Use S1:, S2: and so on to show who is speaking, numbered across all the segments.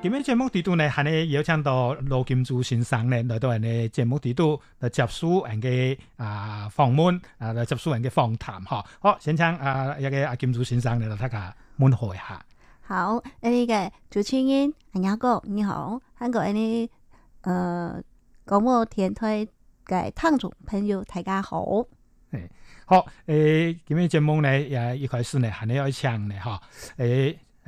S1: 今日節目地度呢，係你邀請到羅金珠先生呢來到人嘅節目地度來接受人嘅啊訪問啊來接受人嘅訪談嗬。好，先請啊一個阿金珠先生嚟到睇下，大家問候一下。
S2: 好，A 個嘅朱青英阿哥你好，香港 A 啲誒廣播電台嘅聽眾朋友大家好。
S1: 誒、欸，好誒、欸，今日節目呢也一開始呢，係你要唱呢哈誒。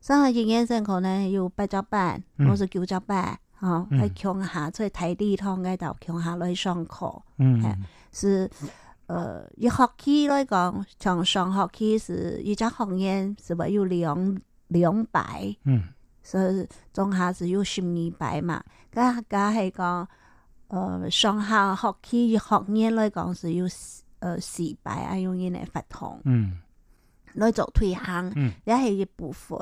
S2: 上下一年上課咧要八隻班，我做九隻班，吓喺共下出去睇啲堂嘅，就共下來上課，係，是，呃，一學期來講，從上學期是一隻學年，是不係要兩兩百，嗯，所以中下是有十二百嘛，咁咁係講，呃，上下學期一學年來講是有，呃四百係、啊、用呢嚟發糖。嗯。來做推行，呢係一部分。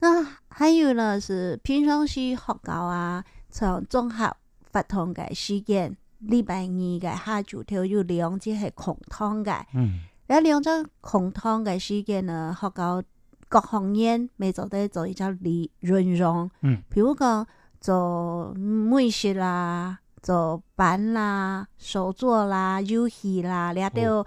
S2: 那還有呢，是平常時學校啊，像綜合活動嘅時間，禮拜二嘅下晝頭有兩節係空堂嘅。嗯，
S3: 然
S2: 後兩節空堂嘅時間呢，學校各方面未做得做一啲嘅潤潤嗯，譬如講做美術啦，做板啦，手作啦，遊戲啦，呢啲、哦。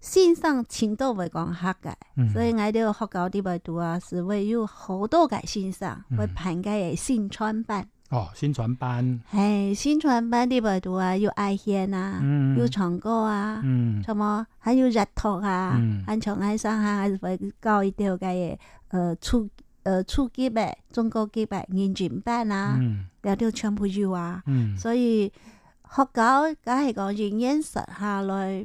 S2: 先生全都會講客嘅，所以我哋學校啲閱讀啊，是會有好多嘅先生會評介誒薪傳班。
S1: 哦，薪傳班
S2: 係薪傳班啲閱讀啊，有愛獻啊，嗯、有唱歌啊、嗯，什麼，還有日托啊，還、嗯、從愛上啊，還是會教一啲嘅，誒、呃，初誒初級嘅，中高級別、認證班啊，要、嗯、啲全部有啊、嗯。所以學校梗係講原因實下來。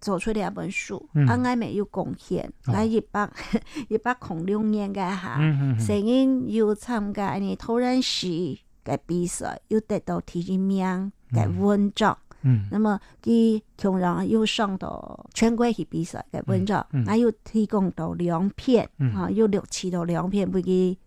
S2: 做出兩本書，我、嗯啊、沒有貢獻。喺、哦、一百，一百零六年嘅下，嗯嗯嗯、成日要參加呢討論係，嘅、嗯嗯、比賽，又得到提名嘅、嗯、文章。嗯，那麼佢從讓又上到全國去比賽嘅文章，我、嗯嗯啊、又提供到兩篇、嗯，啊，又錄取到兩篇俾佢。嗯啊